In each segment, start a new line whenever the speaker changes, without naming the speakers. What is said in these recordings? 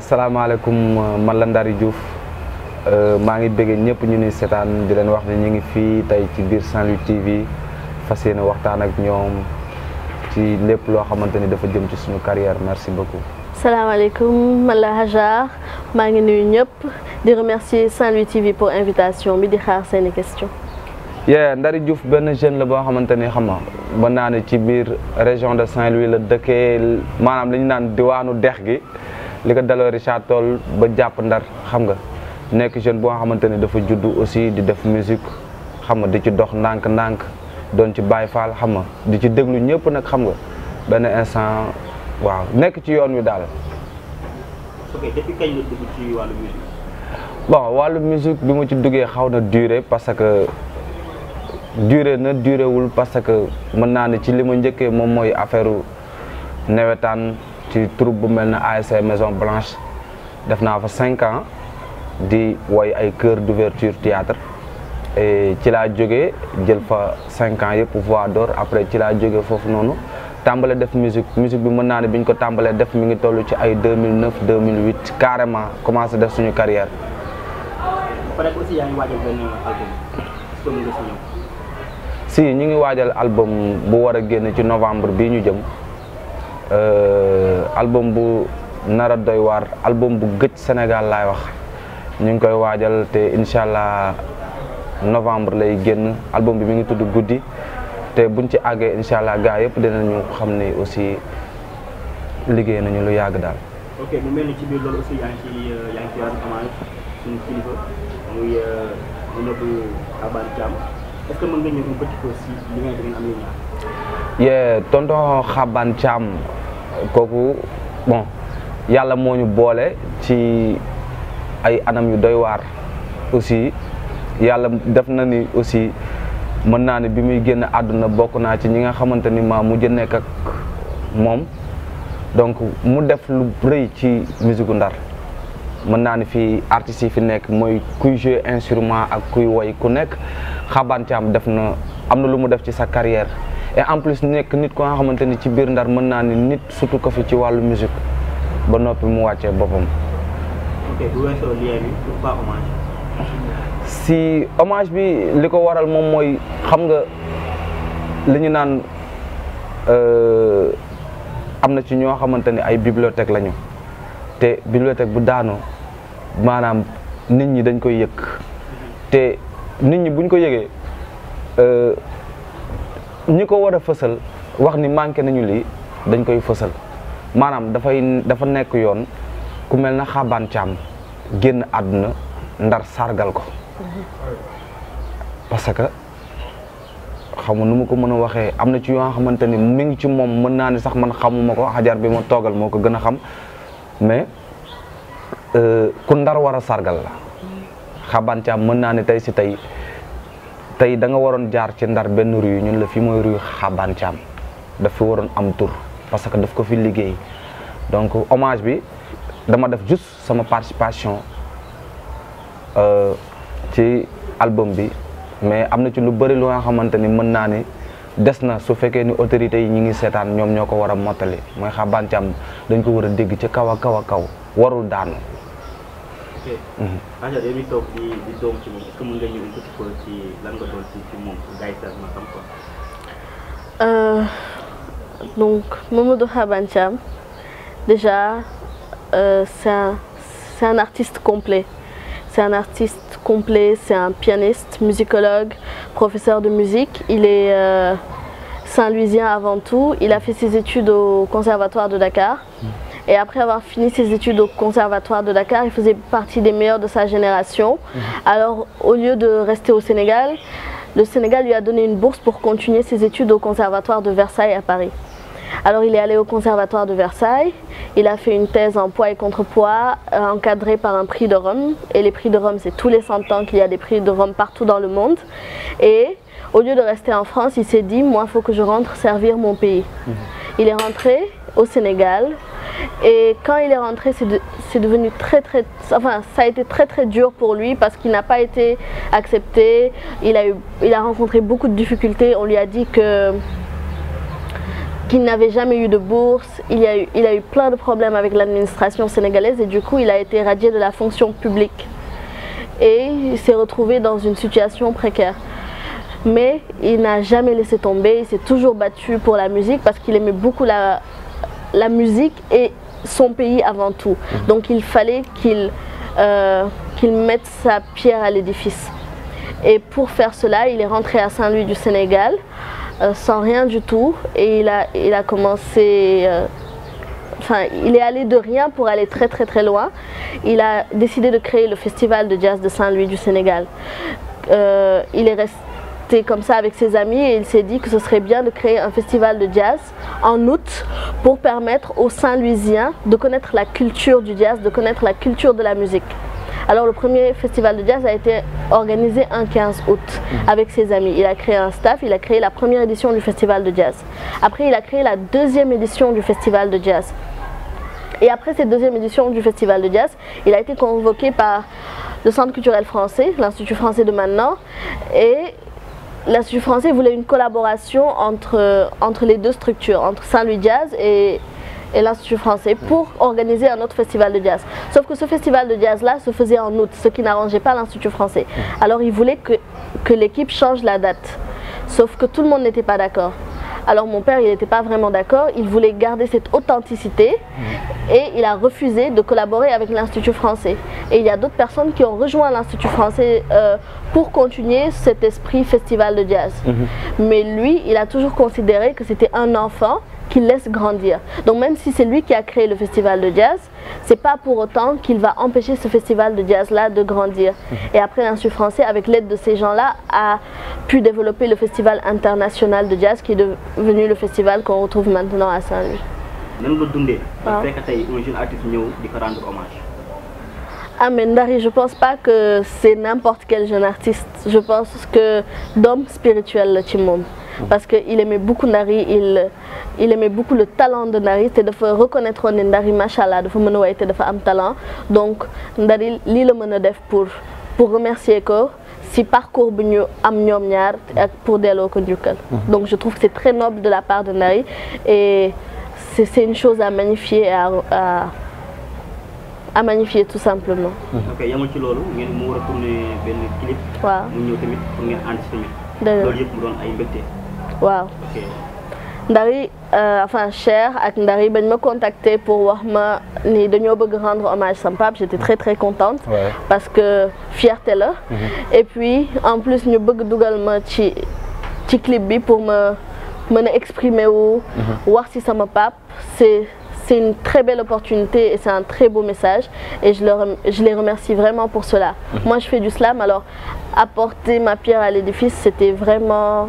salaamaaleykum euh, man la Ndari Diouf euh, maa ngi bëggee ñëpp ñu ni seetaan di leen wax ne ñu ngi fii tey ci biir Saint-Louis TV fas yéene waxtaan ak ñoom ci lépp loo xamante ni dafa jëm ci suñu carrière merci beaucoup.
salaamaaleykum man la Hajar maa ngi nuyu ñëpp di remercier Saint-Louis TV pour invitation bi di xaar seeni question
yee Ndari Diouf benn jeune la boo xamante ni xam nga mën naa ne ci biir région de Saint-Louis la dëkkee maanaam li ñu naan diwaanu dex gi. li ko dalori Château ba pendar ndar xam nga nekk jeune teni xamante judu dafa aussi di def musique xam di ci dox ndànk-ndànk doon ci Baay Faal xam di ci déglu ñëpp nag xam nga benn instant waaw nek ci yoon wi dal
ok depuis kañ nga dugg ci
wàllu musique. bon musique ci na dure parce que duré na duréwul parce que mën naa ne ci li momoi aferu moom mooy ci troupe bu mel ne ASC Maison Blanche def naa fa cinq ans di woy ay chœur d'ouverture théâtre et ci laa jóge jël fa cinq ans yëpp voix d'or après ci laa jóge foofu noonu tàmbale def musique musique bi mën naa ne bi ñu ko tàmbalee def mi ngi toll ci ay 2009 2008 carrément commencé def suñu carrière.
pare ngi waajal benn album
est si ñu ngi waajal album bu war a génn ci novembre bii ñu jëm. euh, album bu nara doy war album bu gëj senegal lay wax ñu ngi koy wajal té inshallah novembre lay génn album bi mi ngi tuddu guddi té buñ ci aggé inshallah allah yépp yëpp ñu xamné aussi liggéey nañu lu yàgg dal
ok mu melni ci biir loolu aussi yaa ngi ciy yaa ngi ciy amal suñu kilifa muy euh, Mamadou abar jam est-ce que mën nga ñu ko ci ko ci li nga xam am nañu.
yee tonto Xaban cham kooku bon yàlla moo ñu boole ci ay anam yu doy waar aussi yàlla def na ni aussi mën naa ne bi muy génn àdduna bokk naa ci ñi nga xamante ni maa mujj nekk ak moom donc mu def lu rëy ci musique Ndar mën naa ne fii artistes yi fi nekk mooy kuy jouer instrument ak kuy woy ku nekk Xabaan Thiam def na am na lu mu def ci sa carrière et en plus nekk nit ko nga xamante ni ci biir ndar mën naa ni nit surtout ko ci wàllu musique ba noppi mu wàccee boppam. si omage bi li ko waral moom mooy xam nga li ñu naan euh, am na ci ñoo xamante ni ay bibliothèque lañu te bibliothèque bu daanoo maanaam nit ñi dañ koy yëg te nit ñi buñ ko yëgee. Euh, ñi ko war a wax ni manké nañu li dañ koy fësal maanaam da dafa nek yoon ku melna na cham genn aduna ndar sargal ko parce que xamu numu ko mën a amna ci yo xamanteni ni mi ngi ci mom mën ni sax man ko bi mo togal moko ko xam mais euh, ku ndar wara sargal la xaban cham mën ni tay si tay tey da nga waroon jaar ci ndar benn rue ñun la fi mooy rue Xabaan Caam daf fi waroon am tur parce que daf ko fi liggéey donc hommage bi dama def juste sama participation euh, ci album bi mais am na ci lu bëri lu nga xamante ni mën naa ni des na su fekkee ni autorité yi ñu ngi seetaan ñoom ñoo ko war a mottali mooy Xabaan Caam dañ ko war a dégg ci kaw a kaw a kaw warul daanu
donc Momodo Habancham, déjà euh, c'est un, artiste complet. C'est un artiste complet, c'est un pianiste, musicologue, professeur de musique. Il est euh, Saint-Louisien avant tout. Il a fait ses études au Conservatoire de Dakar. Mhm. Et après avoir fini ses études au conservatoire de Dakar, il faisait partie des meilleurs de sa génération. Mhm. Alors au lieu de rester au Sénégal, le Sénégal lui a donné une bourse pour continuer ses études au conservatoire de Versailles à Paris. Alors il est allé au conservatoire de Versailles, il a fait une thèse en poids et contrepoids euh, encadrée par un prix de Rome. Et les prix de Rome, c'est tous les 100 ans qu'il y a des prix de Rome partout dans le monde. Et au lieu de rester en France, il s'est dit, moi, il faut que je rentre servir mon pays. Mhm. Il est rentré au Sénégal, et quand il est rentré, c'est devenu très très... Enfin, ça a été très très dur pour lui parce qu'il n'a pas été accepté. Il a, il a rencontré beaucoup de difficultés. On lui a dit que qu'il n'avait jamais eu de bourse, il a eu, il a eu plein de problèmes avec l'administration sénégalaise et du coup il a été radié de la fonction publique et il s'est retrouvé dans une situation précaire. Mais il n'a jamais laissé tomber, il s'est toujours battu pour la musique parce qu'il aimait beaucoup la, la musique est son pays avant tout. Mhm. Donc il fallait qu'il euh, qu'il mette sa pierre à l'édifice. Et pour faire cela, il est rentré à Saint-Louis du Sénégal euh, sans rien du tout. Et il a, il a commencé... Euh, enfin, il est allé de rien pour aller très très très loin. Il a décidé de créer le festival de jazz de Saint-Louis du Sénégal. il est resté comme ça avec ses amis et il s'est dit que ce serait bien de créer un festival de jazz en août pour permettre aux Saint-Louisiens de connaître la culture du jazz, de connaître la culture de la musique. Alors le premier festival de jazz a été organisé un 15 août mhm. avec ses amis. Il a créé un staff, il a créé la première édition du festival de jazz. Après il a créé la deuxième édition du festival de jazz. Et après cette deuxième édition du festival de jazz, il a été convoqué par le Centre culturel français, l'Institut français de maintenant, et l'Institut français voulait une collaboration entre, les deux structures, entre Saint-Louis Jazz et, l'Institut français pour organiser un autre festival de jazz. Sauf que ce festival de jazz-là se faisait en août, ce qui n'arrangeait pas l'Institut français. Alors il voulait que l'équipe change la date. Sauf que tout le monde n'était pas d'accord. Alors mon père, il n'était pas vraiment d'accord, il voulait garder cette authenticité mmh. et il a refusé de collaborer avec l'Institut français. Et il y a d'autres personnes qui ont rejoint l'Institut français euh, pour continuer cet esprit festival de jazz. Mmh. Mais lui, il a toujours considéré que c'était un enfant qu'il laisse grandir. Donc même si c'est lui qui a créé le festival de jazz, c'est pas pour autant qu'il va empêcher ce festival de jazz-là de grandir. Mhm. Et après, l'Institut français, avec l'aide de ces gens-là, a pu développer le festival international de jazz qui est devenu le festival qu'on retrouve maintenant à Saint-Louis. Ah. ah. mais Ndari, je pense pas que c'est n'importe quel jeune artiste. Je pense que d'homme spirituel le monde parce qu'il aimait beaucoup Nari, il il aimait beaucoup le talent de Nari. de faire reconnaître Nari, ne de faire allah dafa a te talent donc Nari, lii la mën a def pour pour remercier que si parcours bu am ñom ñaar ak pour délo ko njukkal. Mhm. donc je trouve que c'est très noble de la part de Nari. et c'est c'est une chose à magnifier à, à à magnifier tout simplement.
Mhm. ok yamul ci loolu ngeen mu retourné benn clip. waaw mu ñëw tamit pour ngeen ànd si tamit. loolu yëpp mu doon ay mbégte.
Wow. ndari euh, enfin Cher ak ndari ma contacté pour voir ma ni de rendre hommage sympa. j'étais très très contente parce que fierté la mhm. et puis en plus ñu bëgg également ma ci clip pour me exprimer voir si ça me pape. c'est c'est une très belle opportunité et c'est un très beau message et je, leur, je les remercie vraiment pour cela. Mhm. Moi je fais du slam alors apporter ma pierre à l'édifice c'était vraiment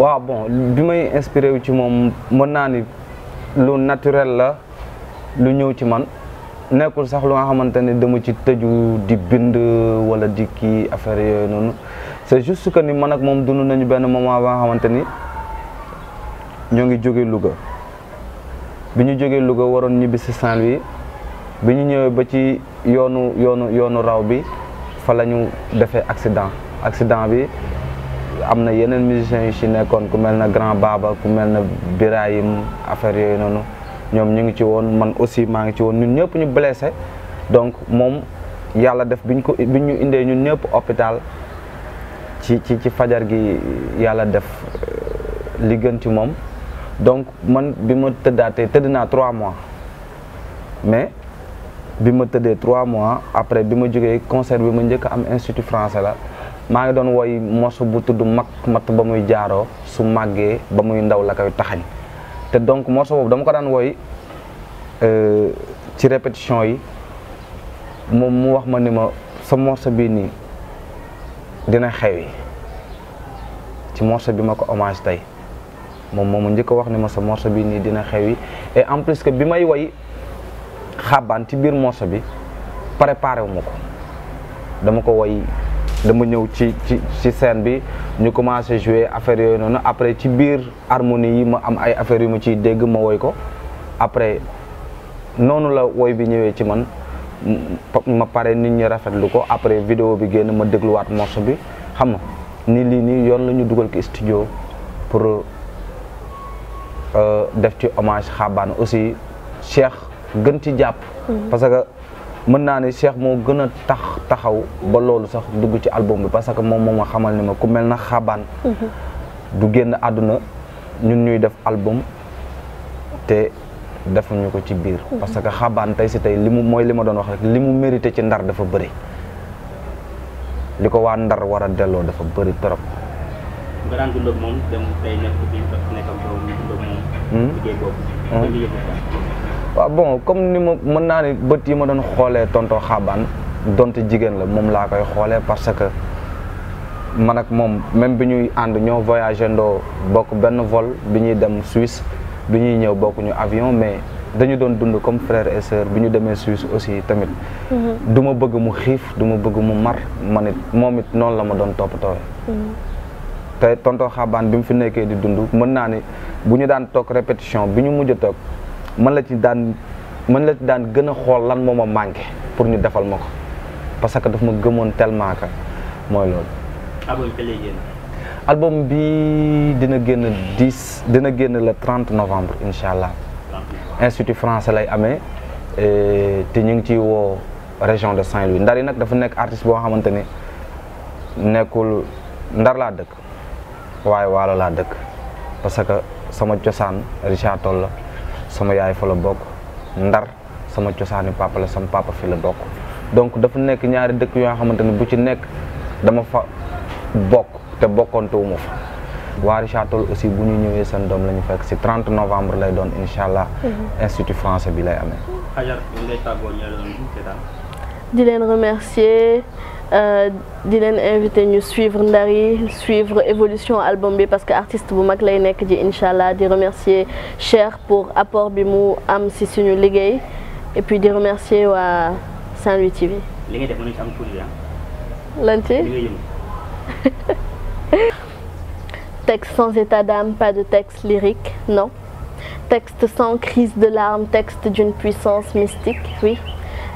waaw bon bi may inspiré wu ci moom mën naa ni lu naturel la lu ñëw ci man nekkul sax lu nga xamante ne dama ci tëju di bind wala di kii affaire yooyu noonu c'est juste que ni man ak moom dund nañu benn moment ba nga xamante ni ñoo ngi jóge Louga bi ñu jógee Louga waroon ñibbi si Saint-Louis bi ñu ñëwee ba ci yoonu yoonu yoonu raw bi fa la ñu defee accident accident bi am na yeneen musiciens yu ci nekkoon ku mel na Grand Baba ku mel na Birahim affaire yooyu noonu ñoom ñu ngi ci woon man aussi maa ngi ci woon ñun ñëpp ñu blessé donc moom yàlla def biñ ko biñ ñu indee ñun ñëpp hôpital ci ci ci fajar gi yàlla def euh, li ci moom donc man bi ma tëddaatee tëdd naa trois mois mais bi ma tëddee trois mois après bi ma jógee concert bi ma njëkk am institut français la maa ngi doon woy mosu bu tudd mag matt ba muy jaaroo su màggee ba muy ndaw la koy taxañ te donc morceau boobu dama ko daan woy euh, ci répétition yi moom mu wax ma ni ma sa morceau bii nii dina xewi ci morceau bi ma ko hommage tey moom moomu njëkk wax ni ma sa morceau nii dina xewi et en plus que bi may woy xàbbaan ci biir morceau bi préparé wu ma ko dama ko woy dama ñëw ci ci ci bi ñu commencé jouer affaire yooyu noonu après ci biir harmonie yi ma am ay affaire yu ma ciy dégg ma woy ko après noonu la woy bi ñëwee ci man ma pare nit ñi rafetlu ko après vidéo bi génn ma dégluwaat morceau bi xam na ni lii nii yoon lañu ñu dugal ko studio pour euh, def ci hommage Xabaan aussi Cheikh gën ci jàpp mm-hmm. parce que mën na ni Cheikh mo gëna tax taxaw ba lolu sax dugg ci album bi parce que mom moma xamal ni ma ku melna xaban mm-hmm. du génn aduna ñun ñuy def album te defuñu ko ci biir mm-hmm. parce que xaban tay ci tay limu moy mooy doon wax rek limu mérité ci ndar dafa bëri liko wa ndar wara a dafa bëri torop
nga daan dund ak mom dem tey nekk bi nekk ak yow ñu dund ak moom hmm? liggéey boobu hmm?
waaw bon comme ni ma mën naa ne bët yi ma doon xoolee tonton xaabaan donte jigéen la moom laa koy xoolee parce que man ak moom même bi ñuy ànd ñoo voyagé ndoo bokk benn vol bi ñuy dem Suisse bu ñuy ñëw bokk ñu avion mais dañu doon dund comme frère et bu ñu demee Suisse aussi tamit. Mm-hmm. du ma bëgg mu xiif du ma bëgg mu mar man moom it noonu la ma doon toppatoowee. Mm-hmm. te tonton xaabaan bi mu fi nekkee di dund mën naa ni bu ñu daan toog répétition bu ñu mujj a toog. man la ci daan man la ci daan gën a xool lan moo ma manqué pour ñu defal ma ko parce que daf ma gëmoon tellement que mooy loolu.
album bi lay génn.
album dina génn 10 dina génn le trente novembre incha allah. institut français lay amee te ñu ngi ciy woo région de Saint-Louis ndar yi nag dafa nekk artiste boo xamante ni nekkul ndar laa dëkk waaye waalo laa dëkk parce que sama cosaan Richard Toll la. sama yaay fa la bokk ndar sama cosaani papa la sama papa fi la bokk donc dafa nekk ñaari dëkk yoo xamante ne bu ci nekk dama fa bokk te bokkoontuwuma fa waari chatol aussi bu ñuy ñëwee seen doom la ñu fekk si 30 novembre lay doon incha allah mhm. institut français bi lay amee
Je euh, vous invité nous suivre Ndari, suivre évolution album b parce que artiste bu mag lay remercier cher pour apport bimou am ci et puis di remercier à Saint-Louis TV.
Liguey
texte sans état d'âme pas de texte lyrique non texte sans crise de larmes texte d'une puissance mystique oui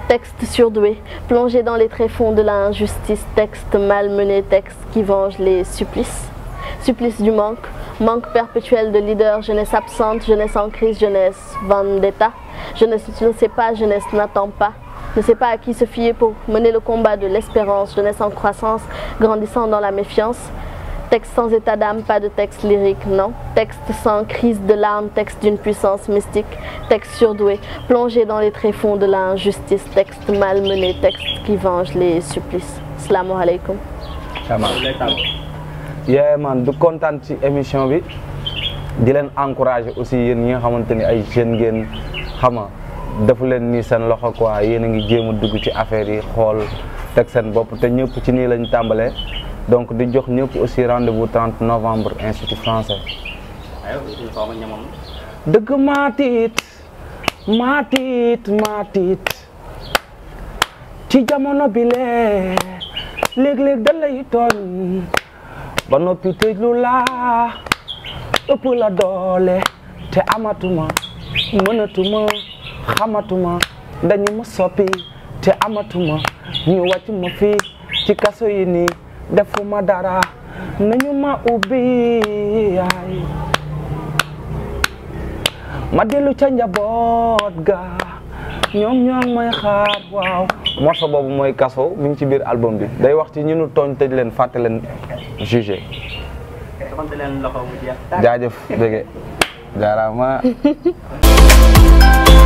texte surdoué, plongé dans les tréfonds de l'injustice, texte malmené, texte qui venge les supplices. Supplice du manque, manque perpétuel de leader. jeunesse absente, jeunesse en crise, jeunesse vendetta, jeunesse ne sais pas, jeunesse n'attend pas, ne sais pas à qui se fier pour mener le combat de l'espérance, jeunesse en croissance, grandissant dans la méfiance, Texte sans état d'âme, pas de texte lyrique, non. Texte sans crise de larmes, texte d'une puissance mystique, texte surdoué, plongé dans les tréfonds de l'injustice, texte malmené, texte qui venge les supplices. Salam alaikum.
Yeah, man, du content ci émission bi di len encourager aussi yeen ñi nga xamanteni ay jeune ngeen xama dafa len ni sen loxo quoi yeen a ngi jëm dugg ci affaire yi xol tek sen bop te ñepp ci ni lañ tambalé donc di jox ñëpp aussi rendez-vous 30 novembre institut français. dëgg maatiit maatiit maatiit ci jamono bi lee léeg-léeg da lay tooñ ba noppi tëjlu laa ëpp la doole te amatuma mënatuma xamatuma dañu ma soppi te amatuma ñu wàcc ma fii ci kaso yi nii. ma dara nañu ma ubbi ma dellu ca njaboot ga ñoom ñoo may xaar waaw morceau boobu mooy kaso mi ngi ci biir album bi day wax ci ñi nu tooñ tëj leen fàtte leen jugé jaajëf bége jaaraama